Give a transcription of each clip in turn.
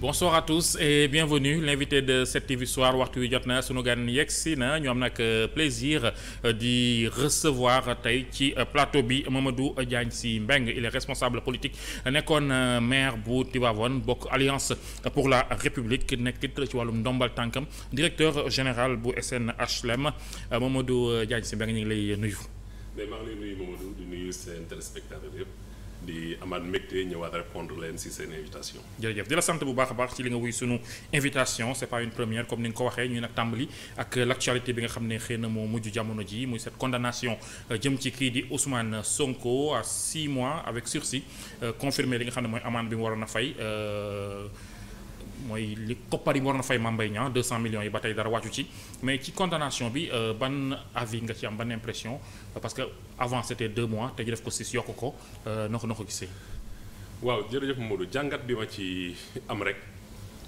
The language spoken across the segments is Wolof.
bonsoir à tous et bienvenue l'invité de 7TV waxtu wi jot na sunu gan yegg si na ñu am nag euh, plaisir euh, di recevoir tey ci euh, plateau bi Mamadou Diagne si Mbengue il est responsable politique nekkoon maire bu Tivaouane bokk alliance pour la république nekkit ci wàllum ndombal tànkam directeur général bu SNHLM Mamadou Diagne Sy Mbengue ñu si lay ñu ngi lay nuyu Mamadou di amaat mbégte ñëwaat répondre si seen invitation. jërëjëf la sant bu baax baax ci li nga wuy sunu invitation c'est pas une première comme ni nga ko waxee ñu nag tàmbali ak l'actualité bi nga xam ne xëy na moo mujj jamono ji muy cette condamnation euh, jëm ci kii di Ousmane Sonko a 6 mois avec sursis euh, confirmé li nga xam ne mooy amende bi mu waroon a fay. Euh, mooy li koppar yi war na fay Mame Mbaye Niang 200 yi ba tey dara wàccu ci mais ci condamnation bi euh, ban avis nga ci am ban impression parce que avant c'était deux mois te ñu def ko six yokk ko noo ko noo ko gisee. waaw jërëjëf Modou jàngat bi ma ci am rek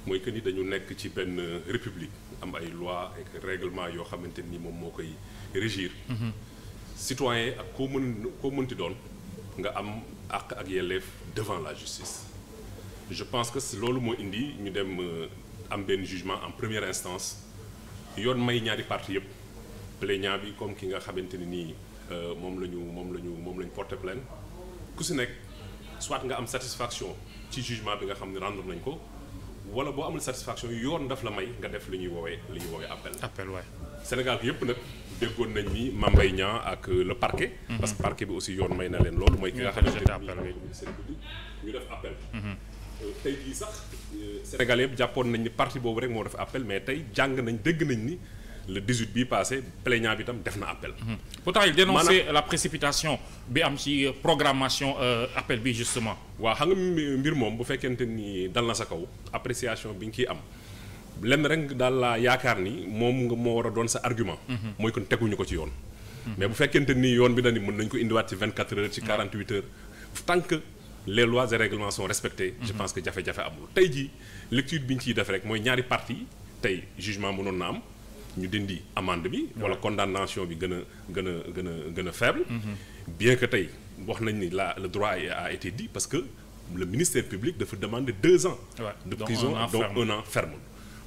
mooy que ni dañu nekk ci benn république am ay lois ak règlement yoo xamante ni moom moo koy régir. Mm-hmm. citoyen ak koo mën koo mënti doon nga am àq ak yelleef devant la justice. je pense que si loolu moo indi ñu dem euh, am benn jugement en première instance yoon may ñaari parti yëpp plaignant bi comme ki nga xamante ne nii euh, moom la ñu moom la ñu moom la ñu porté ku si nekk soit nga am satisfaction ci jugement bi nga xam ne rendre nañ ko wala boo amul satisfaction yoon daf la may nga def li ñuy woowee li ñuy woowee appel. appel waay Sénégal bi yëpp nag déggoon nañ mi Mame Mbaye Niang ak le parquet. Mhm. parce que parquet bi aussi yoon may na leen loolu. mooy ki nga xamante ne ñu def appel. Mhm. Euh, tey jii sax euh, sénégalais yëpp jàppoon nañ ni parti boobu rek moo def appel mais tey jàng nañ dégg nañ ni le 18 bii passé plaignant bi tam def na appel. Mhm. pourtant il dénonçait la précipitation bi am ci euh, programmation appel bi justement. waaw xam nga mbir moom bu fekkente ni dal na sa kaw appréciation bi nga ciy am lenn rek daal laa yaakaar ni moom nga moo war doon sa argument. Mhm. mooy kon teguñu ko ci yoon. Mhm. mais bu fekkente ni yoon bi dañu mën nañ ko indiwaat ci 24 heures. les lois et règlements sont respectés. je mhm. pense que jafe-jafe amul. tey jii lecture bi ñu ciy def rek mooy ñaari parties tey jugement mënoon na am ñu dindi amande bi. wala condamnation bi gën a gën a gën a gën a faible. Mhm. bien que tey wax nañ ni la le droit a été dit parce que le ministère public dafa demande deux ans. de prison dont un an ferme.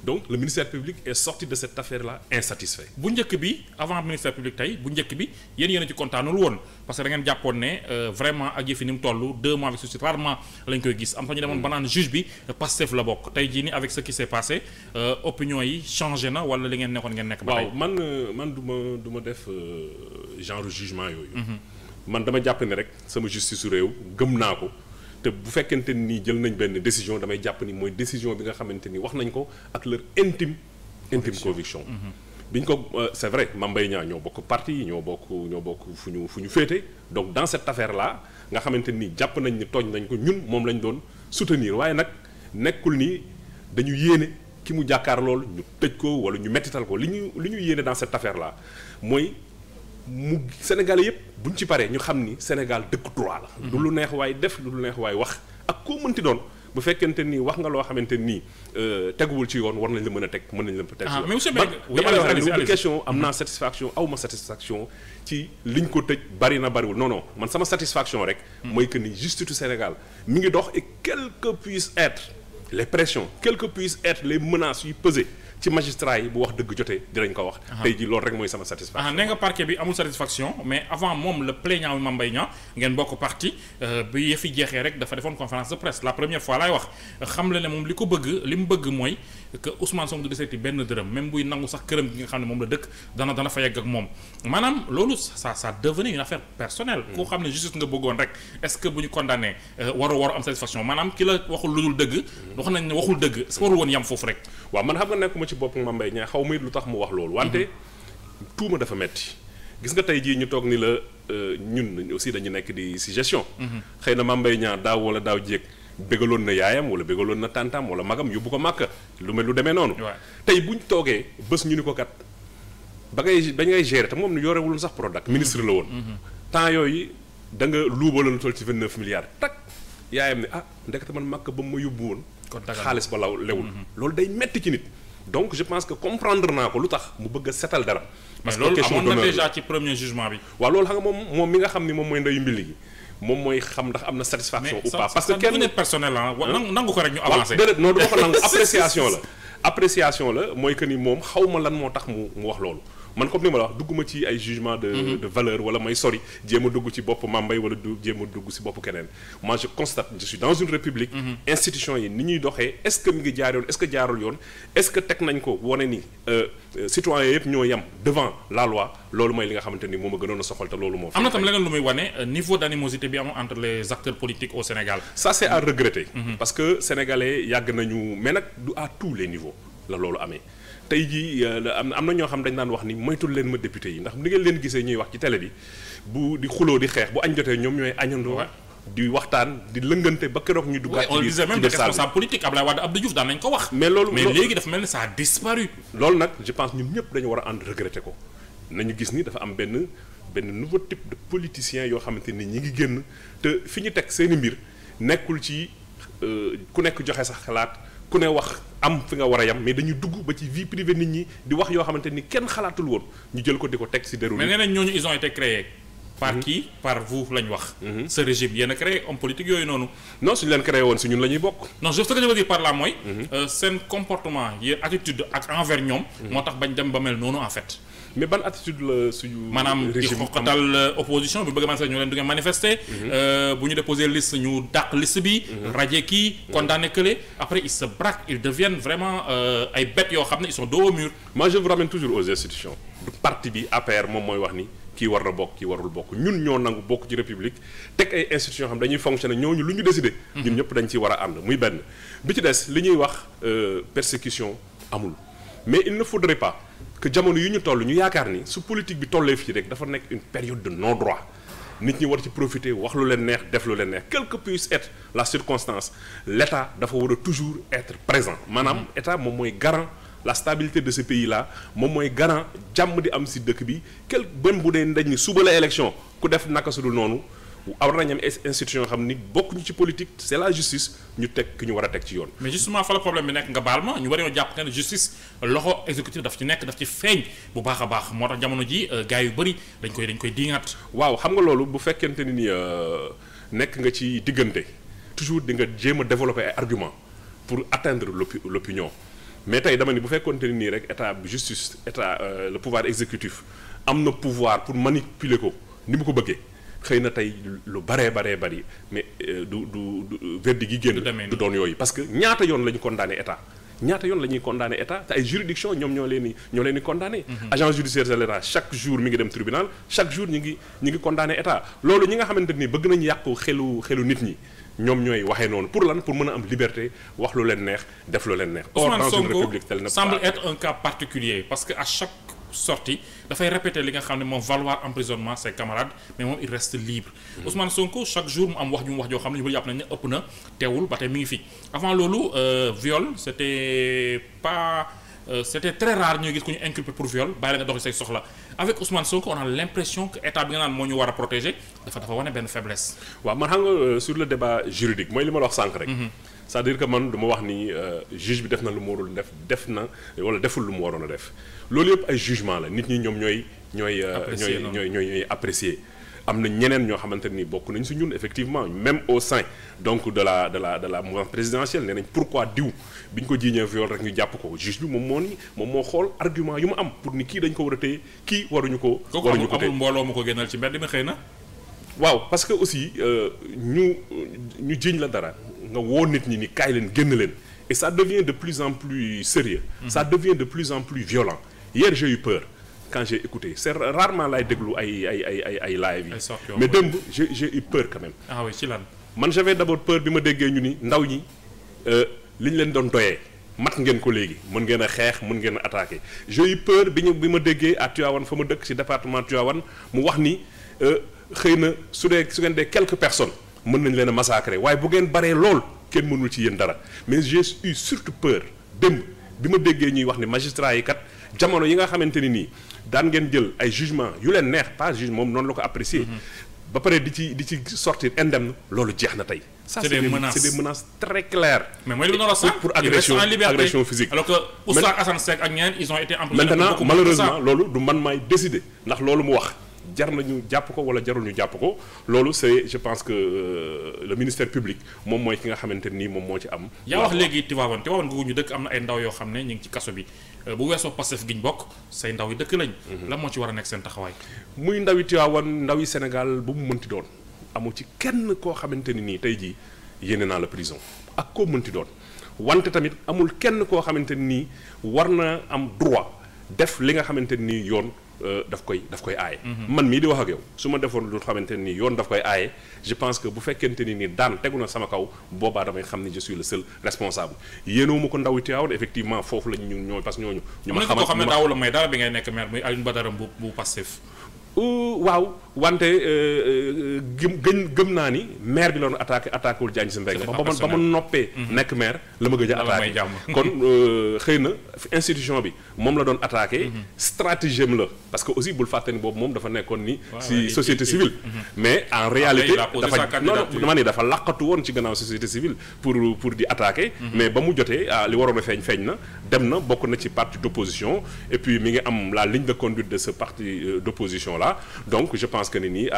donc le ministère public est sorti de cette affaire là insatisfait. bu njëkk bi avant ministère public tey bu njëkk bi yéen yéen a ci kontaanul woon parce que da ngeen jàppoon ne euh, vraiment ak yëfi ni mu toll deux mois avec sursis rarement lañ koy gis am sax ñu demoon ba juge bi Pastef la bokk tey jii ni avec ce qui s' est euh, opinion yi changé na wala li ngeen nekkoon ngeen nekk. ba tey waaw man euh, man du ma du ma def genre jugement yooyu. Mhm. man dama jàpp ne rek sama justice su réew gëm naa ko. te bu fekkente nii jël nañ benn décision damay jàpp ni mooy décision bi nga xamante ni wax nañ ko ak leur intime intime conviction biñ ko euh, c'est vrai Mame Mbaye Niang ñoo bokk parti ñoo bokk ñoo bokk fu ñu fu ñu féete donc dans cette affaire là nga xamante ni jàpp nañ ni tooñ nañ ko ñun moom lañ doon soutenir waaye nag nekkul nii dañu yéene ki mu jàkkaar lool ñu tëj ko wala ñu mettital ko li ñu li ñu yéene dans cette affaire laa mooy mu Sénégalais yëpp bu ñu ci paree ñu xam ni Sénégal dëkk droit la. Mhm. du lu neex waaye def lu lu neex waay wax ak koo mënti doon. bu fekkente nii wax nga loo xamante nii euh, teguwul ci yoon war nañ la mën a teg mën nañ la teg ah, mais monsieur Mbengue question am naa mhm. satisfaction aw ma satisfaction ci liñ ko tëj bari na bariwul non man sama satisfaction rek mhm. mooy que ni justice Sénégal mi ngi dox et quelles que puissent être les pressions quelque que puissent être les menaces yu pesées ci magistrat yi bu wax dëgg jotee dinañ ko wax. tey jii loolu rek mooy sama satisfaction. mais avant moom le plaignant Mame Mbaye ngeen bokk parti euh, bi yëfi jeexee rek dafa defoon conférence de presse la première fois laay wax xam la ne moom li ko bëgg li mu bëgg mooy que Ousmane Sonko du deseeti benn dërëm même buy nangu sax këram gi nga xam ne moom la dëkk dana dana fa yegg ak moom maanaam loolu ça ça devenait une affaire personnelle. Hmm. koo xam ne justice nga bëggoon rek est euh, am satisfaction maanaam ki ci bopp Mame Mbaye xaw ma lu tax mu wax loolu wante tuuma dafa metti gis nga tey jii ñu toog ni la euh, ñun aussi dañu nekk di si gestion mhm. xëy na Mame Mbaye Niang daaw wala daaw jéeg bégaloon na yaayam wala bégaloon na tàntam wala magam yóbbu ko màkk lu ma lu demee noonu tey buñ toogee bés ñu ni ko kat ba ngay ba ngay gérer te moom yorewuloon sax Prodac ministre la woon mhm. temps yooyu da nga luubaloon lu toll ci vingt neuf milliards tak yaayam ne ah ndekete man màkk ba ma yóbbu ba law lewul mhm. loolu day metti ci donc je pense que comprendre naa ko lu tax mu bëgg a setal dara. parce loolu ci premier jugement bi. waaw loolu xam nga moom moom mi nga xam ni moom mooy ndeyu mbili gi moom mooy xam ndax am na satisfaction. ou pas parce que kenn ku personnel ah. nangu ko rek ñu avancé. déedéet non du ma ko nangu appréciation la. appréciation la mooy que ni moom xaw ma lan moo tax mu mu wax loolu. man comme ni ma la wax dugguma ci ay jugement de mhm. de valeur wala may sori jéem dugg ci bopp mambay wala du dugg si bopp keneen moi je constate dans une république mhm. institution yi ni ñuy doxee est ce que mi ngi jaar yoon est ce que jaarul yoon est teg nañ ko wane ni euh, euh, citoyens yëpp ñoo yem devant la loi loolu mooy li nga xamante ni moom a gënoon a soxal te loolu moo am na tam leneen lu muy wane euh, niveau d' bi am entre les acteurs politiques au Sénégal mhm. mais nag du les niveaux la loolu amee tey jii euh, am am na ñoo xam dañ naan wax ni moytul leen ma député yi ndax ni ngeen leen gisee ñuy wax ci télé bi bu di xuloo di xeex bu añ jotee ñoom ñooy añandoo di waxtaan di lëngante ba keroog ñu duggaat. ci biir ci biir on disait même des responsables politiques Ablaye Wade Abdou ko wax. mais loolu mais léegi dafa mel ni ça disparu. loolu nag je pense ñun ñëpp dañu war a ànd regretter ko nañu gis ni dafa am benn benn nouveau type de politicien yoo xamante ni ñi ngi génn te fi ñu teg seeni i mbir nekkul ci euh, ku nekk joxe sax xalaat. ku ne wax am fi nga war a yam mais dañu dugg ba ci vie privée nit ñi di wax yoo xamante ni kenn xalaatul woon ñu jël ko di ko teg si déroulé. mais nee nañ ñooñu ils ont été créés. par mm -hmm. qui par vous lañ wax. Mhm. ce régime yéen a créé politique yooyu noonu. non suñu leen créé woon si ñun la ñuy bokk. non je ce que je veux dire par là mooy. Mhm. Euh, seen comportement ak envers ñoom. Mhm. moo tax bañ dem ba mel noonu en fait. mais ban attitude la suñu. maanaam di xoqatal euh, opposition bu bëgg manifester ñu leen du manifester. Mhm. Euh, bu ñu déposé liste ñu dàq liste bi. Mhm. raje kii mhm. condamné kële après ils se braquent ils deviennent vraiment euh, ay bêtes yoo xam ne ils sont dos au mur. moi je vous ramène toujours aux institutions. parti bi APR moom mooy wax ni kii war na bokk ki warul bokk ñun ñoo nangu bokk ci république teg ay institutions xam dañuy fonctionner ñooñu lu ñu décidé. ñun ñëpp dañ ciy war a ànd muy benn. bi ci des li ñuy wax persécution amul mais il ne faudrait que jamono yu ñu toll ñu yaakaar ni su politique bi tollee fii rek dafa nekk une période de non droit nit ñi war ci profité wax lu leen neex def lu leen neex quelle que puisse la circonstance l' état dafa war a toujours être présent maanaam mm-hmm. état moom mooy garant la stabilité de ce pays là moom mooy garant jàmm di am si dëkk bi quel benn bu dee ndañ ni suba la élection ku def naka su dul noonu war nañu am institution yoo xam ni bokkuñu ci politique c'est la justice ñu teg ki ñu war a teg ci yoon. mais justement fa la problème bi nekk nga baal ma ñu war a jàpp ne justice loxo exécutif daf ci nekk daf ci feeñ bu baax a baax moo tax jamono ji euh, gars yu bëri dañ koy dañ koy diingaat. waaw xam nga loolu bu fekkente ni ni euh, nekk nga ci diggante toujours di nga jéem a développer ay arguments pour atteindre l'opinion mais tey dama ni bu fekkoonte ni nii rek état justice état euh, le pouvoir exécutif am na pouvoir pour manipuler ko ni mu ko bëggee. xëy na tey lu baree baree bari mais euh, du du verdict gi génn du doon yooyu parce que ñaata yoon la ñu condamné état ñaata yoon la ñuy condamné état te ay juridiction ñoom ñoo leen di ñoo leen di condamné mhm. agent judiciaire de l'état chaque jour mi ngi dem tribunal chaque jour ñi ngi ñi ngi condamné état loolu ñi nga xamante ni bëgg nañu yàqu xelu xelu nit ñi ñoom ñooy waxee noonu pour lan pour mën a am liberté wax lu leen neex def lu leen neex or dans une république semble être un cas particulier que à chaque sorti dafay répéter li nga xam ne moom valoir emprisonnement ses camarades mais moom il reste libre mm-hmm. Ousmane Sonko chaque jour mu am wax ñu mu wax joo xam ne ñu bëri jàpp nañ ëpp na teewul ba tey mi ngi fi avant loolu euh, viol c'était pas Euh, c'était très rare ñuy gis ku ñu inculpé pour viol bàyyi la nga doxi say soxla avec Ousmane Sonko on a l'impression que état bi nga naan moo ñu war a protéger dafa dafa wane benn faiblesse. waaw man xam nga euh, sur le débat juridique mooy li ma la wax sànq rek. Mm-hmm. c'est-à-dire que man du wax ni euh, juge bi def na lu mu warul def def na wala deful lu mu waroon a def loolu yëpp ay jugement la nit ñi ñoom ñooy ñooy euh, ñooy ñooy ñooy apprécier am na ñeneen ñoo xamante ni bokk nañ si ñun effectivement même au sein donc de la de la de la mouvance présidentielle nee nañ pourquoi diw bi ñu ko jiiñee viol rek ñu jàpp ko juge bi moom moo ni moom moo xool argument yu mu am pour ni kii dañ ko war a téye kii waruñu ko waruñu ko téye mbooloo mu ko génnal ci mbedd mi na waaw parce que aussi euh, ñu ñu jiiñ la dara nga woo nit ñi ni kaay leen génn leen et ça devient de plus en plus sérieux mm-hmm. ça devient de plus en plus violent hier j'ai eu peur quand j'ai écouté c'est rarement laay déglu ay ay ay ay ay live yi mais démb j'ai j'ai eu peur quand même ah oui ci peur bi ma déggee ñu ni ndaw ñi euh, li ñu leen doon doyee mat ngeen ko léegi mën ngeen a xeex mën ngeen a attaqué j'ai peur bi ñu bi ma déggee à Tivaouane fa ma dëkk ci département Tivaouane mu wax ni euh, xëy na su dee su ngeen dee quelques personnes mën nañ leen a massacrer waaye bu ngeen baree lool kenn mënul ci yéen dara mais j'ai eu surtout peur démb bi ma déggee ñuy wax ne magistrat yi kat jamono yi nga xamante ni nii daan ngeen jël ay jugement yu leen neex pas juge moom noonu la ko apprécier. Mm-hmm. ba pare di ci di ci sortir indemne loolu jeex na tey. ça c'est des menaces c'est des menaces très claires. mais mooy pour agression agression physique. alors malheureusement loolu du man maay décider ndax loolu mu wax. jar nañu jàpp ko wala jarul ñu jàpp ko loolu c'est je pense que euh, le ministère public moom mooy ki nga xamante nii moom moo ci am yaa wax léegi Tivaouane Tivaouane googu ñu dëkk am na ay ndaw yoo xam ne ñu ngi ci kaso bi euh, bu weesoo Pastef gi ñu bokk say ndaw yi dëkk lañ mhm. la moo ci war a nekk seen taxawaay muy ndaw yi Tivaouane ndaw yi Sénégal bu mu mënti doon amu ci kenn koo xamante ni nii tey jii yéene naa la prison ak koo mënti doon wante tamit amul kenn koo xamante nii war na am droit def li nga xamante nii yoon Euh, daf koy daf koy aaye. Mhm. man mii di wax ak yow su ma defoon lu xamante ne nii yoon daf koy aaye je pense que bu fekkente ni nii daan tegu na sama kaw boobaa damay xam ni je suis le seul responsable yéenoo ma ko ndaw Tivaouane effectivement foofu la ñun ñooñu parce que ñooñu. ñu ma xamante ne daaw la may dara bi ngay nekk maire muy Alioune Badara bu bu Pastef euh, waaw. wante euh, euh, gëm gën gëm naa ni maire bi loonu attaqué attaqué wul Diagne Simbeng ba ma ba ma noppee mhm. nekk maire la ma gëj a attaqué kon euh, xëy na institution bi moom la doon attaqué mhm. stratégie am la parce que aussi bul fàtte boobu moom dafa nekkoon ni si société civile mhm. mais en réalité dafa non non ne dafa laqatu woon ci gannaaw société civile pour pour di attaqué mais ba mu jotee ah, li waroon a feeñ feeñ na dem na bokk na ci parti d'opposition et puis mi ngi am la ligne de conduite de ce parti d'opposition là donc je pense pense que ni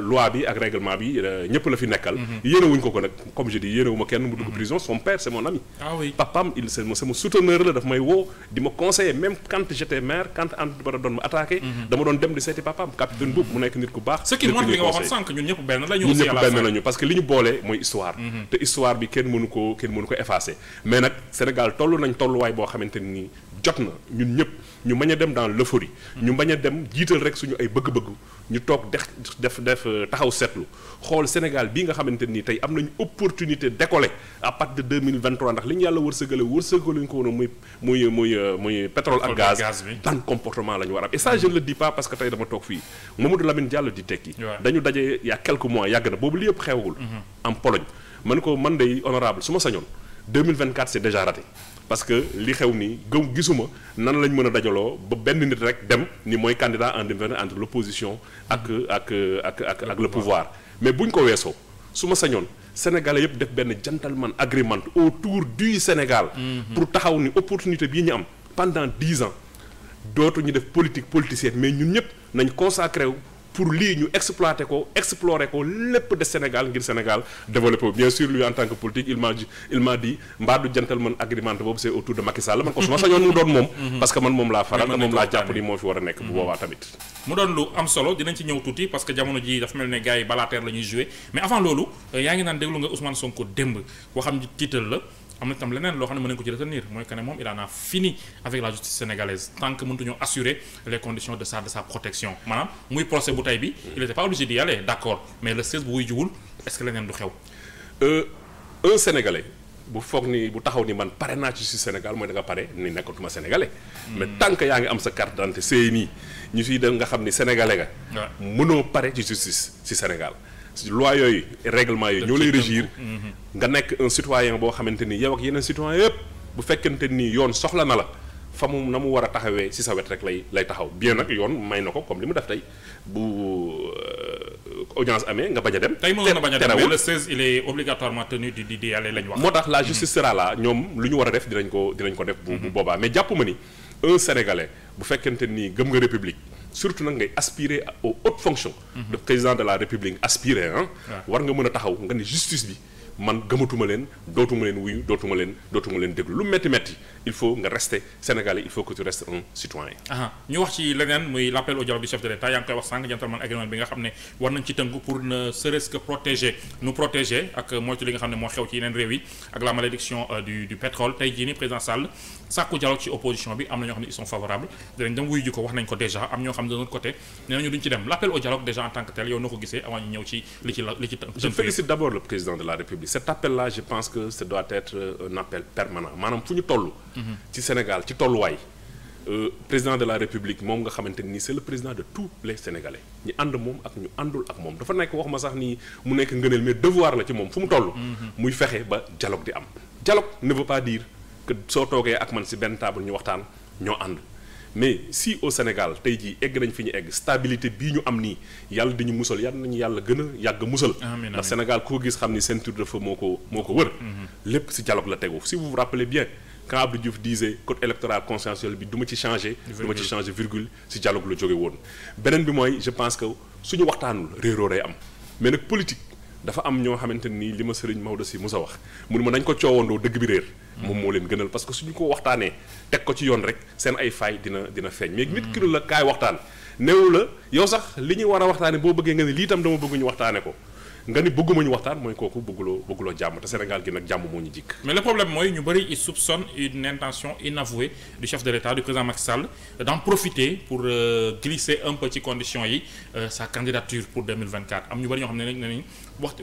loi bi ak règlement bi euh, ñëpp la fi nekkal. Mhm. yéene ko ko nag comme je dis yéene wu ma kenn mu dugg mhm. prison son père c' est mon ami. Ah la daf may woo di ma conseiller même quand j' étais maire quand Anta Diop doon ma attaqué. Mhm. dama doon dem di seeti papaam capitaine boobu mu nekk nit ku baax. ce qui montre parce que li ñu boole mooy histoire. te histoire bi kenn mënu ko kenn mënu ko effacer mais nag Sénégal toll nañ tolluwaay boo jot na ñun ñëpp ñu bañ a dem dans l'euphorie ñu bañ a dem jiital rek suñu ay bëgg-bëgg ñu toog dex def def euh, taxaw seetlu xool Sénégal bii nga xamante nii tey am nañu opportunité décoller à partir de 2023 ndax li ñu yàlla wërsëgale wërsëgale ñu ko woon muy muy muy euh, muy ak gaz ban comportement la ñu war am et ça je ne le dis pas parce que tey dama toog fii Mamadou Lamine Diallo di tekki dañu daje y a mois yàgg na boobu li yëpp xewagul mm-hmm. en Pologne man ko man day honorable su ma sañoon 2024 c'est déjà raté parce que li xew nii gëm gisuma nan lañ mën a dajaloo ba benn nit rek dem ni mooy candidat en devenir entre l'opposition ak ak ak ak ak le pouvoir mais bu ñu ko weesoo su ma sañoon sénégalais yëpp def benn gentleman agreement autour du Sénégal mhm. pour taxaw ni opportunité bii ñu am pendant dix ans dootu ñu def politique politicienne mais ñun ñëpp nañ consacré wu pour lii ñu exploiter ko explorer ko lépp de Sénégal ngir Sénégal développé bien sûr lui en tant que politique il m'a il m'a dit mbaadu gentleman c'est autour de Macky Sall man ko su ma sañoon mu doon moom mhm. parce que man moom laa faral te moom laa jàpp ni moo fi war a nekk bu mhm. boobaa tamit mu doon lu am solo dinañ ci ñëw tuuti parce que jamono ji dafa mel ne gars balaateer la ñuy mais avant loolu euh, yaa ngi naan déglu nga Ousmane Sonko démb waxam am na tam leneen loo xam ne mën nañu ko ci retenir mooy que ne moom il en a fini avec la justice sénégalaise tant que mëntuñoo assurer les conditions de sa de sa protection maanaam muy procès bu tey bi il était pas obligé d'y aller d'accord mais le 16 bu wuy jiwul est-ce que leneen du xew euh, bu foog nii bu taxaw ni man pare naa ci si Sénégal mooy da nga pare ni nekkatuma sénégalais. Hmm. mais tant que yaa ngi am sa carte d'identité nii ñu siy dem nga xam ni sénégalais nga. mënoo pare ci justice si Sénégal. loi yooyu règlement yooyu ñoo lay régir mhm. nga nekk un citoyen boo xamante ni yow ak yeneen citoyen yëpp bu fekkente ni yoon soxla na la fa mu na mu war a taxawee ci sa wet rek lay lay taxaw bien nag yoon may na ko comme li mu def tey bu euh, audience amee nga bañ a dem. tey mënoon na bañ a dem il est obligatoirement tenu moo tax la mhm. justice sera là ñoom lu ñu war a def dinañ ko dinañ ko def. bu bu mhm. boobaa mais jàpp ma ni un sénégalais bu fekkente ni gëm nga république. surtout nag ngay aspirer aux hautes fonctions. Mhm. le président de la république aspirer ah. war nga mën a taxaw nga ne justice bi. man gëmatuma leen dootuma leen wuyu dootuma leen dootuma leen déglu lu métti métti il faut nga rester sénégalais il faut que tu restes un citoyen ñu wax ci leneen muy l'appel au dialogue du chef de l'État yaa ngi koy wax ci tënku réew yi ak la malédiction euh, du pétrole tey jii ni président Sall sàkku dialogue ci opposition bi am na ñoo xam ne ils sont favorables dinañ wuyu ji wax nañ ko déjà am ñoo xam ne de notre côté duñ ci dem l'appel au dialogue déjà en tant que bi cet appel là je pense que ça doit être euh, un appel permanent maanaam fu ñu toll mhm. ci Sénégal ci tolluwaay euh, président de la République moom nga xamante ni c'est le président de tous les Sénégalais ñu ànd moom ak ñu àndul ak moom dafa nekk wax ma sax ni mu nekk ngëneel mais devoir la ci moom fu mu toll mhm. muy fexe ba dialogue di am dialogue ne veut pas dire que soo toogee ak man si benn table ñu waxtaan ñoo ànd mais si au Sénégal tey jii egg nañ fi ñu egg stabilité bii ñu am nii yàlla di ñu musal yàlla nañu yàlla gën a yàgg musal ndax Sénégal ku ko gis xam ni ceinture de feu moo ko moo ko wër mhm. lépp si dialogue la tegu si vous vous rappelez bien quand Abdou Diouf disait code électoral consensuel bi duma ci changé du ma ci changé virgule si dialogue la jóge woon beneen bi mooy je pense que suñu waxtaanul réeroo day am mais nag politique dafa am ñoo xamante nii li ma sëriñ Maodo si sa wax mu ne ma nañ ko coowandoo dëgg bi réer moom moo leen gënal parce que suñu ko waxtaanee teg ko ci yoon rek seen ay faay dina dina feeñ mais nit ki la kaay waxtaan néew la yow sax li ñu war a waxtaane boo bëggee nga ne lii tam dama bëgguñu waxtaane ko nga ni bëgguma ñu waxtaan mooy kooku bëgguloo bëgguloo jàmm te Sénégal gi nag jàmm moo ñu jikk mais le problème mooy ñu bëri ils soupçonnent une intention inavouée du chef de l'État du président Macky Sall d'en profiter pour euh, glisser un peu ci conditions yi euh, sa candidature pour 2024 am ñu bëri ñoo xam ne nañ ne nañ wax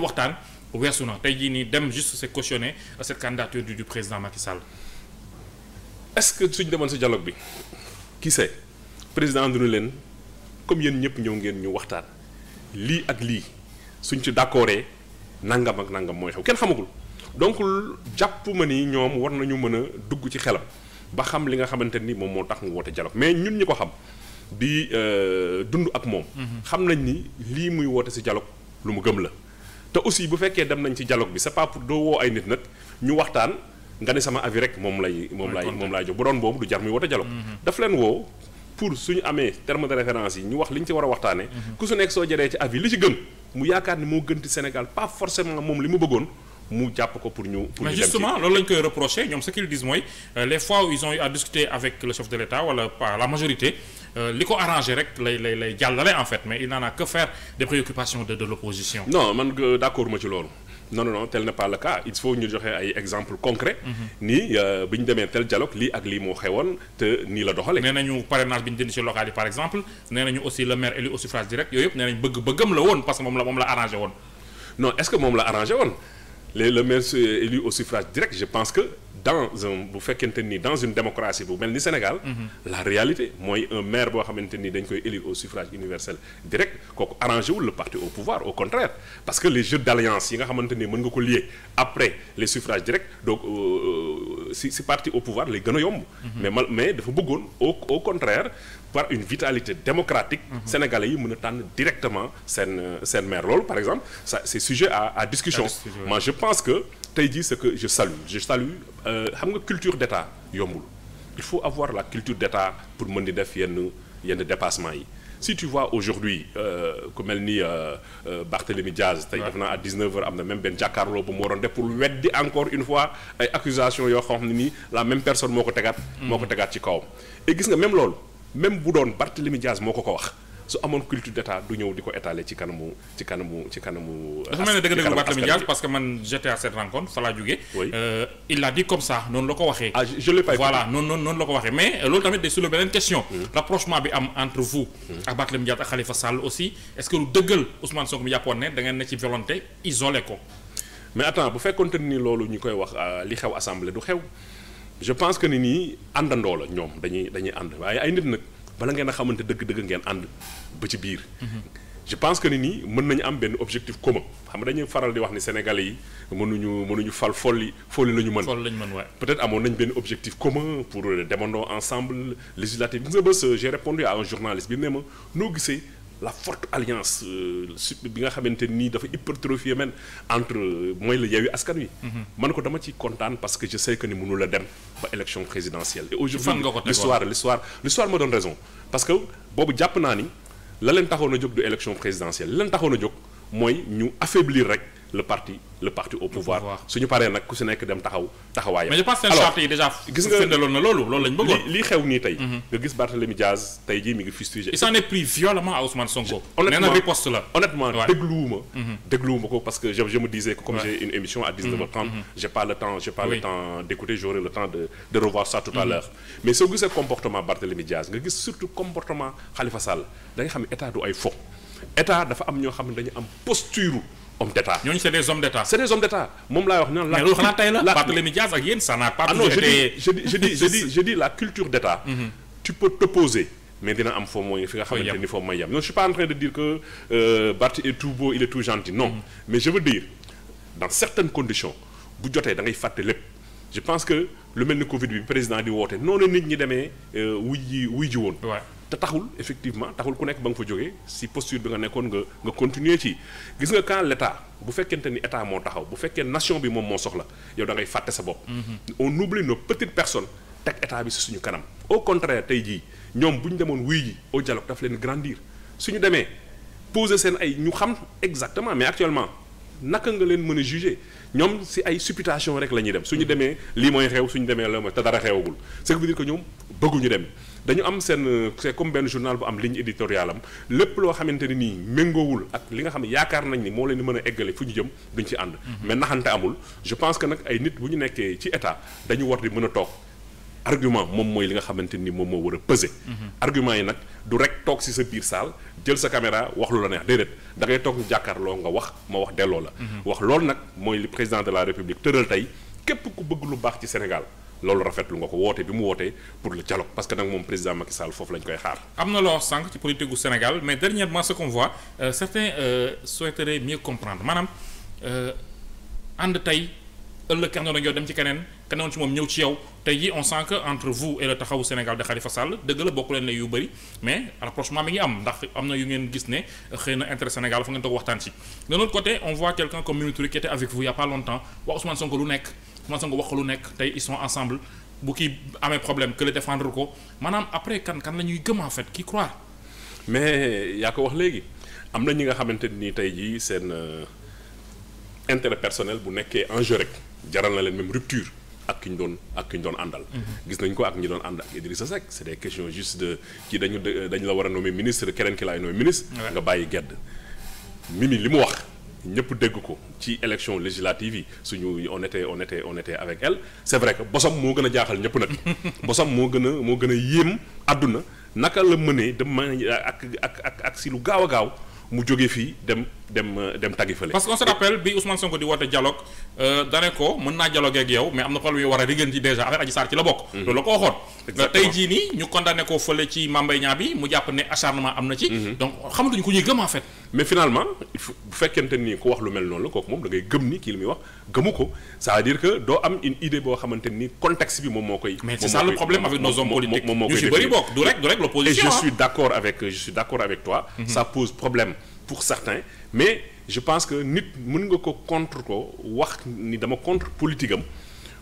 waxtaan weesu na tey jii nii dem juste c'est cautionner cette candidature du, du président Macky Sall est-ce que suñ demoon si dialogue bi kii sait président leen comme yéen ñëpp ñëw ngeen ñu waxtaan lii ak lii suñ ci d'accordee nangam ak nangam mooy xew kenn xamagul donc jàpp ma ni ñoom war nañu mën a dugg ci xelam ba xam li nga xamante ni moom moo tax mu woote dialogue mais ñun ñi ko xam di euh, dund ak moom. Mhm. xam nañ ni lii muy woote si dialogue lu mu gëm la. te aussi bu fekkee dem nañ ci dialogue bi sa pas pour doo woo ay nit nag ñu waxtaan nga ne sama avis rek moom lay. moom lay moom laay jox bu doon boobu du jar muy woote dialogue. Mhm. daf leen woo pour suñu amee terme de référence yi ñu wax li ñu ci war a waxtaanee. ku su nekk soo jëree ci avis li ci gën mu yaakaar ni moo gën ci Sénégal pas forcément moom li mu bëggoon. mu jàpp ko pour ñu. pour ñu dem ci mais justement loolu la ñu koy reproché ñoom ce mooy euh, les fois où ils ont discuter avec le chef de l'État wala par la majorité euh, li ko arrangé rek lay lay lay jàllale en fait mais il n'en a que faire des préoccupations de de l'opposition. non man d'accord ci loolu. non non non tel n'est pas le cas il faut ñu joxe ay exemple concret mhm. nii euh, bi ñu demee tel dialogue lii ak lii moo xewoon te nii la doxale nee nañu parrainage bi ñu dindi ci local par exemple nee nañu aussi le maire élu au suffrage direct yooyu yëpp nee nañ bëgg bëggam la woon parce que moom la moom la arrangé woon non est-ce que moom la arrangé woon léegi le maire élu au suffrage direct je pense que dans un bu fekkente ni dans une démocratie bu mel ni Sénégal. Mhm. la réalité mooy un maire boo xamante ni dañ koy élire au suffrage universel direct kooku arrangé wul le parti au pouvoir au contraire parce que les jeux d'alliance yi nga xamante ni mën nga ko lier après les suffrages directs donc euh, euh, si si parti au pouvoir lay gën a yomb. Mhm. mais mais dafa bëggoon au au contraire. par une vitalité démocratique. Mhm. sénégalais yi mën a tànn directement seen euh, seen maire loolu par exemple ça c'est sujet à à discussion. moi je pense que tey jii ce que je salue je salue euh, xam nga culture d'état yombul il faut avoir la culture d'état pour mën di def yenn yenn dépassement yi. si tu vois aujourd'hui euh, ku mel ni Barthélémy Diaz tey def naa à 19h am na même benn jàkkaarloo bu mu waroon def pour weddi encore une fois ay accusations yoo xam n nii la même personne moo ko tegaat mm. moo ko tegaat ci kawam et gis même loolu même bu doon Barthélemy Diaz moo ko ko wax su amoon culture d'état du ñëw di ko étaler ci kanamu ci kanamu ci kanamu. Euh, dafa mel ne dëgg dëgg Barthélemy parce que man j'étais à cette rencontre fa laa jógee. Euh, il l'a dit comme ça noonu la ko waxee. ah je l'ai pas voilà noonu noonu noonu la ko waxee mais euh, loolu tamit day soulever beneen question. Mm. rapprochement bi am entre vous. Mm. ak Barthélemy ak Khalifa Sall aussi est-ce que lu dëggal Ousmane Sonko mi jàppoon ne da ngeen ne ci volonté isolé ko. mais attends bu fekkoonte ni loolu ñu koy wax li xew assemblée du xew. je pense que ni nii àndandoo la ñoom dañuy dañuy ànd waaye ay nit nag bala ngeen a xamante dëgg-dëgg ngeen ànd ba ci biir. Mm-hmm. je pense que ni nii mën nañu am benn objectif commun xam nga dañuy faral di wax ni Sénégalais yi mënuñu mënuñu fal folli folli la ñu mën. folli la ñu mën waaye. peut-être amoon nañ benn objectif commun pour demandoo ensemble législatif bi nga bës j'ai répondu à un journaliste bi ne ma noo gisee. la forte alliance euh, bi nga xamante nii dafa hypertrophié men entre euh, mooy la Yewwi Askan Wi. Mhm. man ko dama ci kontaan parce que je sais que ni mënu la dem ba élection présidentielle. et aujourd'hui l'histoire l'histoire l'histoire boobu jàpp naa ni la leen taxoon a jóg du élection présidentielle la leen taxoon a jóg mooy ñu affaiblir rek. le parti le parti au pouvoir suñu paree nag ku si nekk dem taxaw taxawaayam. mais je pense seen charte yi déjà. gis nga séddaloon na loolu loolu lañ bëggoon. li xew nii tey. Mhm. nga gis Barthélemy Diaz tey jii mi ngi fustigé. il je mhm. une émission à 19h30. Mhm. j'ai pas le temps j'ai pas le temps de revoir ça tout à l'heure mais soo gisee comportement Barthélemy Diaz nga gis surtout comportement Khalifa Sall da xam ne état ay fo état dafa am ñoo xam ne homme d' état. ñooñu c' est des hommes moom laay wax naan la. mais loolu xanaa tey la Barthélémy n' a pas. ah je dis je dis je dis la culture d' mhm. tu peux opposer. mais dina am foo mooy fi nga xamante ni foo mooy yam non je suis pas en train de dire que euh, Barth est tout beau il est tout gentil non mhm. mais je veux dire dans certaines conditions bu jotee da ngay fàtte lépp je pense que lu mel ni Covid bi président di woote noonu nit ñi demee euh, wuy ji wuy ji woon te taxul effectivement taxul ku nekk ba nga fa jógee si posture bi nga nekkoon nga nga continuer ci gis nga quand l' état bu fekkente ni état moo taxaw bu fekkee nation bi moom moo soxla yow da ngay fàtte sa bopp. Mhm. on oublie nos petites personnes teg état bi si suñu kanam. au contraire tey jii ñoom bu ñu demoon wuy ji au dialogue daf leen grandir suñu demee poser seen ay ñu xam exactement mais actuellement naka nga leen mën a juger ñoom si ay supputation rek la ñuy dem. suñu mhm. demee lii mooy xew suñu demee la mooy te dara xewagul ce qui veut dire que ñoom bëgguñu dem. dañu am seen comme benn journal bu am ligne éditoriale am lépp loo xamante ne nii méngoowul ak li nga xam ne yaakaar nañ ni moo leen di mën a eggale fu ñu jëm duñ ci ànd mhm. mais naxante amul je pense que nag ay nit bu ñu nekkee ci état dañu war di mën a toog argument moom mooy li nga xamante ni moom moo war a peser mhm. argument yi nag du rek toog si sa biir saal jël sa caméra wax lu la neex déedéet da ngay toog ñu jàkkaarloo nga wax ma wax delloo la mhm. wax loolu nag mooy li président de la république tëral tey képp ku bëgg lu baax ci Sénégal loolu rafetlu nga ko woote bi mu wootee pour le dialogue parce que nag moom président Macky Sall foofu lañ koy xaar. am na loo wax sànq ci politique Sénégal mais dernièrement ce qu'on voit euh, certains euh, souhaiteraient mieux comprendre maanaam euh, ànd tey ëllëg ka andoona yow dem ci keneen ka newoon ci moom ñëw ci yow tey jii on sent que entre vous et le taxawu Sénégal de Khalifa Sall dëgg la bokk leen ne yu bëri mais rapprochement mi ngi am ndax am na yu ngeen gis ne na intérêt Sénégal fa ngeen toog waxtaan ci de lu nekk Ousmane Sonko wax lu nekk tey ils sont ensemble bu kii amee problème que le défendre ko maanaam après kan kan la ñuy gëm en fait qui croire. mais yaa ko wax léegi am na ñi nga xamante ni tey jii seen euh, intérêt personnel bu nekkee enjeu rek jaral na leen même rupture. ak ki ñu doon ak ki ñu doon àndal. Mhm. gis nañ ko ak ñu doon ànd ak Idrissa Seck c' est juste de kii dañu dañ la war a nommer ministre keneen ki laay nommer ministre. nga bàyyi gedd Mimi li mu wax. ñëpp dégg ko ci élection législative yi suñu on était on était on était avec elle c'est vrai que bosam moo gën a jaaxal ñëpp nag bosam moo gën a moo gën a yéem àdduna naka la mënee dem ma ak ak ak ak si lu gaaw a gaaw mu jógee fii dem Euh, dem taggi fële. parce que on se rappelle bi Ousmane Sonko di woote dialogue euh, dane mën naa dialogue yow mais am na problème yu war a riggan ci dèjà affaire Adji Sarr ci la bokk. Mhm. loolu la ko waxoon. Euh, tey jii nii ñu condamné ko fële ci Mame bi mu jàpp ne acharnement am na ci. Mhm. donc xamatuñ ko ñuy gëm en mais finalement bu fekkente ni ku wax lu mel noonu la kooku moom da gëm ni kii li muy wax gëmu ko cest dire que doo am une idée boo xamante ni contexte bi moom moo koy. mais c'est ça le mais je pense que nit mën nga ko contre ko wax ni dama contre politique am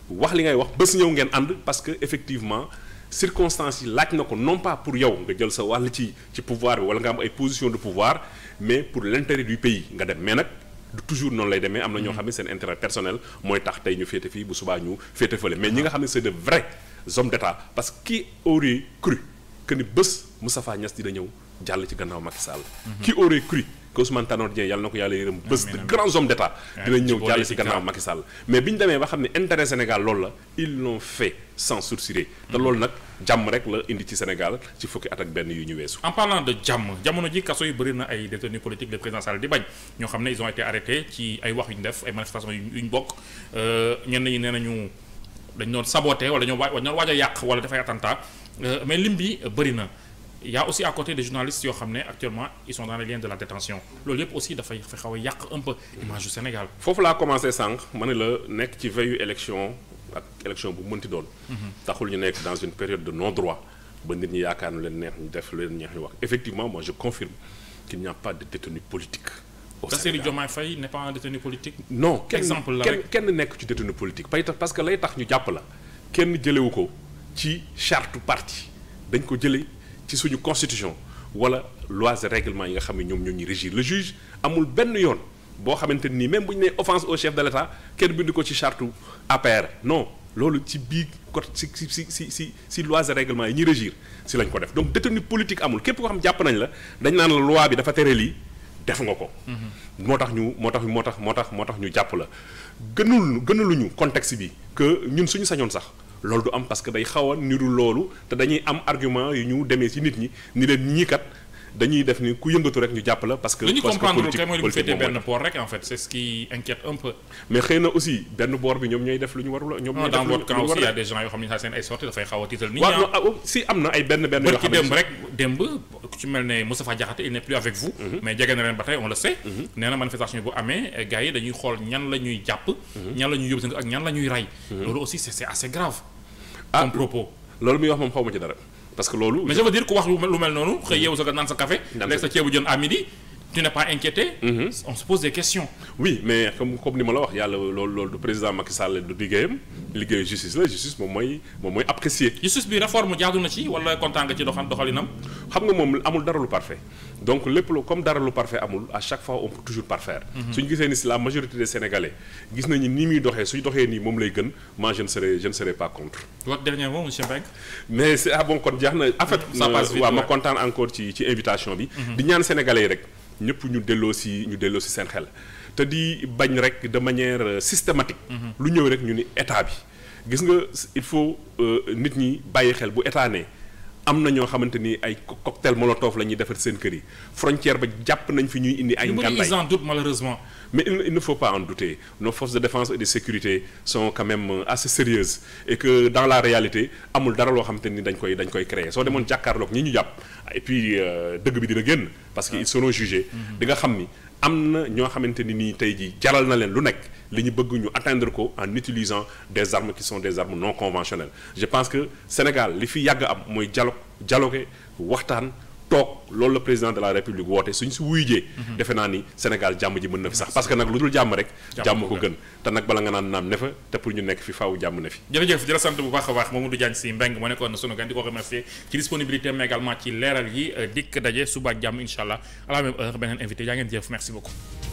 wax li ngay wax bés ñëw ngeen ànd parce que effectivement circonstances yi laaj na ko non pas pour yow nga jël sa wàll ci ci pouvoir bi wala nga am ay position de pouvoir mais pour l'intérêt du pays nga dem mais nag du toujours noonu lay demee am na ñoo mm-hmm. xam ne seen intérêt personnel mooy tax tey ñu féete fii bu subaa ñu féete fële mais ñi nga xam ne c'est de vrais hommes d'État parce que qui aurait cru que ni bés Moustapha Niasse dina ñëw jàll ci gannaaw Macky Sall mm-hmm. qui aurait que Ousmane Tanor Dieng yàlla na ko yàlla yërëm bés de grands hommes d'état dinañ ñëw jàll si gannaaw Macky Sall mais bi ñu demee ba xam ne intérêt Sénégal loolu la ils l'ont fait sans sourciller te loolu nag jàmm rek la indi ci Sénégal ci fukki at ak benn yu ñu weesu en parlant de jàmm jamono ji kaso yu bëri na ay détenus politiques le président Sall di bañ ñoo xam ne ils ont été arrêtés ci ay wax yu def ay manifestations yu ñu bokk euh, ñenn nañu dañ doon saboté wala ñoo waaj ñoo waaj a yàq wala dafay euh, bi bëri na yaa y aussi à côté des journalistes yoo xam ne actuellement ils sont dans les liens de la détention loolu yëpp aussi dafay xaw a yàq un peu image du Sénégal. foofu laa commencé sànq ma ne la nekk ci veillu élection ak élection bu mënti doon. Mhm. taxul ñu nekk dans une période de non droit ba nit ñi yaakaar nu leen neex ñu def lu leen neex ñu wax effectivement moi je confirme qu'il n'y a pas de détenu politique. au Sénégal Bassirou Diomaye Faye n'est pas détenu politique. non kenn exemple la rek kenn nekk ci détenu politique. bay tax parce que lay tax ñu jàpp ko ci charte parti dañ ko jëlee. ci suñu constitution wala lois et règlements yi nga xam ne ñoom ñoo ñuy régir le juge amul benn yoon boo xamante nii même bu ñu nee offense au chef de l'État kenn bind ko ci charte APR non loolu ci biir code si si si si si si lois yi ñuy régir si lañ ko def donc détenu politique amul képp koo xam jàpp nañ la dañ naan la loi bi dafa tere lii def nga ko. Mm-hmm. moo tax ñu moo tax moo tax moo tax moo tax ñu jàpp la gënul gënaluñu contexte bi que ñun suñu sañoon sax. loolu du am parce que day xaw a niru loolu te dañuy am argument yu ñu demee ci nit ñi ni leen ñii kat dañuy def ni ku yëngatu rek ñu jàpp la parce que. parce que politique politique mooy féetee benn boor ñooy def lu ñu warul ñoom ñooy ah, def lu ñu warul dans votre camp aussi y a des a tiital mm-hmm. jege na leen ba on le sait. Mm-hmm. nee na manifestation bu amee gars dañuy xool ñan la ñuy jàpp. Mm-hmm. ñan la ñuy yóbbu ak ñan la rey. loolu aussi c'est assez grave Ah. comme propos loolu muy wax moom xaw ma ci dara parce que loolu. mais je veux dire ku wax lu mel noonu xëy hmm. yeewu sa nga naan sa café. lekk sa ceebu jën à midi. tu n'es pas inquiété. Hmm. on se pose des questions. oui mais comme comme ni ma la wax yàlla loolu loolu du président Macky Sall du liggéeyam liggéeyu justice la justice moom mooy moom mooy apprécier. justice bi réforme jaadu na ci wala kontaan nga ci doxal doxalinam. xam nga moom amul dara lu parfait donc lépp lu comme dara lu parfait amul à chaque fois on peut toujours parfaire. Mhm. suñu gisee ni si la majorité des sénégalais gis nañu ni muy doxee suñu doxee nii moom lay gën moi je ne serai je ne serai pas contre. votre mais c'est ah kon jeex na. en fait euh, ma kontaan encore ci invitation bi. Mhm. di ñaan sénégalais yi rek ñëpp ñu delloo si ñu delloo si seen xel. te di bañ rek de manière euh, systématique. Mhm. lu ñëw rek ñu ni état bi gis nga il faut euh, nit ñi bàyyi xel bu état am na ñoo xamante ni ay cocktail molotov la ñuy defar seen kër yi frontière ba jàpp nañ fi ñuy indi ay ngàndaay ils en doutent malheureusement mais il ne faut pas en douter nos forces de défense et de sécurité sont quand euh, assez sérieuses et que dans la réalité amul dara loo xamante ni dañ koy dañ koy créer soo demoon jàkkaarloog ñi ñu jàpp et puis euh, dëgg bi dina génn parce que ah. ils seront jugés mm-hmm. di nga xam ni am na ñoo xamante ni nii tey jii jaral na leen lu nekk li ñu bëgg ñu atteindre ko en utilisant des armes qui sont des armes non conventionnelles je pense que Sénégal li fi yàgg am mooy dialogue dialogue waxtaan toog loolu la président de la république woote suñ si wuy jee mhm. defe naa ni Sénégal jàmm ji mën na fi sax parce que nag lu dul jàmm rek jàmm ko gën te nag bala nga naan naam ne te pour ñu nekk fi faaw jàmm ne fi jërëjëf jërë sant bu baax a baax Mamadou Diagne Sy Mbengue moo nekkoon sunu gan ko remercier ci disponibilité mais ci leeral yi euh, dikk daje suba jàmm incha allah à la même heure beneen invité yaa ngeen jëf merci beaucoup